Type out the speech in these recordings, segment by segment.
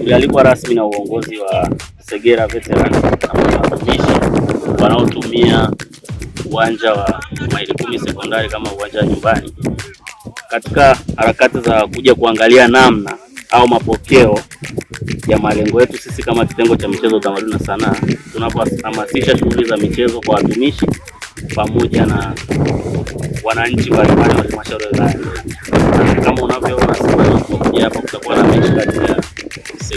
ilialikwa rasmi na uongozi wa Segera Veteran na watumishi wanaotumia uwanja wa maili kumi sekondari kama uwanja wa nyumbani katika harakati za kuja kuangalia namna au mapokeo ya malengo yetu sisi kama kitengo cha michezo, utamaduni na sanaa, tunapohamasisha shughuli za michezo kwa watumishi pamoja na wananchi mbalimbali wa halmashauri ya wilaya. Kama unavyoona, sasa tunakuja hapa, kutakuwa na mechi kati ya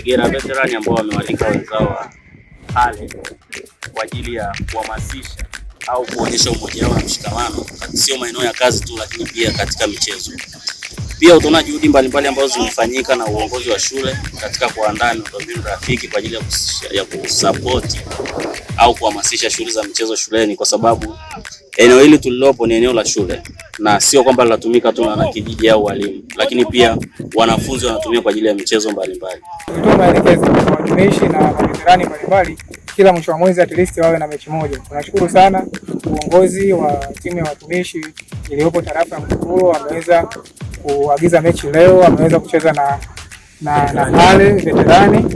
Kagera veterani ambao wamewalika wenzao wa pale kwa ajili ya kuhamasisha au kuonyesha umoja wao na mshikamano, sio maeneo ya kazi tu, lakini pia katika michezo. Pia utaona juhudi mbalimbali ambazo zimefanyika na uongozi wa shule katika kuandaa miundombinu rafiki kwa ajili ya kusapoti au kuhamasisha shughuli za michezo shuleni, kwa sababu eneo hili tulilopo ni eneo la shule na sio kwamba linatumika tu na kijiji au walimu, lakini pia wanafunzi wanatumia kwa ajili ya michezo mbalimbali. Kutoa maelekezo kwa watumishi na waviterani mbalimbali, kila mwisho wa mwezi at least wawe na mechi moja. Tunashukuru sana uongozi wa timu ya watumishi iliyopo tarafa ya Mkurulo, wameweza kuagiza mechi leo, wameweza kucheza na na na pale veterani.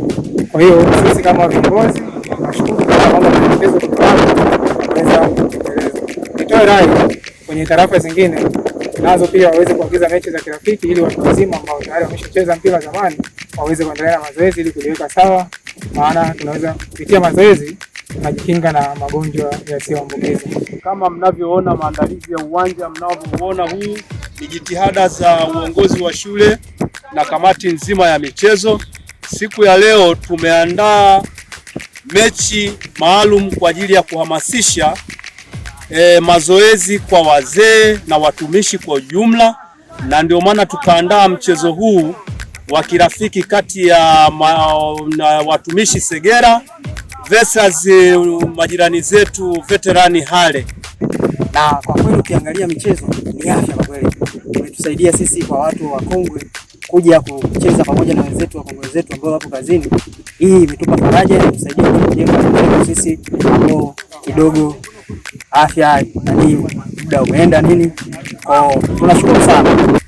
Kwa hiyo sisi kama viongozi tunashukuru kwa kwamba maelekezo tunayo kutekeleza. Nitoe rai kwenye tarafa zingine nazo pia waweze kuongeza mechi za kirafiki ili watu wazima ambao tayari wameshacheza mpira zamani waweze kuendelea na mazoezi ili kujiweka sawa, maana tunaweza kupitia mazoezi tunajikinga na magonjwa yasiyoambukiza. Kama mnavyoona maandalizi ya uwanja mnavyoona huu ni jitihada za uongozi wa shule na kamati nzima ya michezo. Siku ya leo tumeandaa mechi maalum kwa ajili ya kuhamasisha e, mazoezi kwa wazee na watumishi kwa ujumla, na ndio maana tukaandaa mchezo huu wa kirafiki kati ya ma, na watumishi Segera versus eh, majirani zetu veterani Hale. Na kwa kweli ukiangalia michezo ni afya kwa kweli, imetusaidia sisi kwa watu wa Kongwe kuja kucheza pamoja na wenzetu wa Kongwe wenzetu ambao wapo kazini. Hii imetupa faraja na kusaidia kujenga sisi ambao kidogo afya nani, muda umeenda nini kwao. Tunashukuru sana.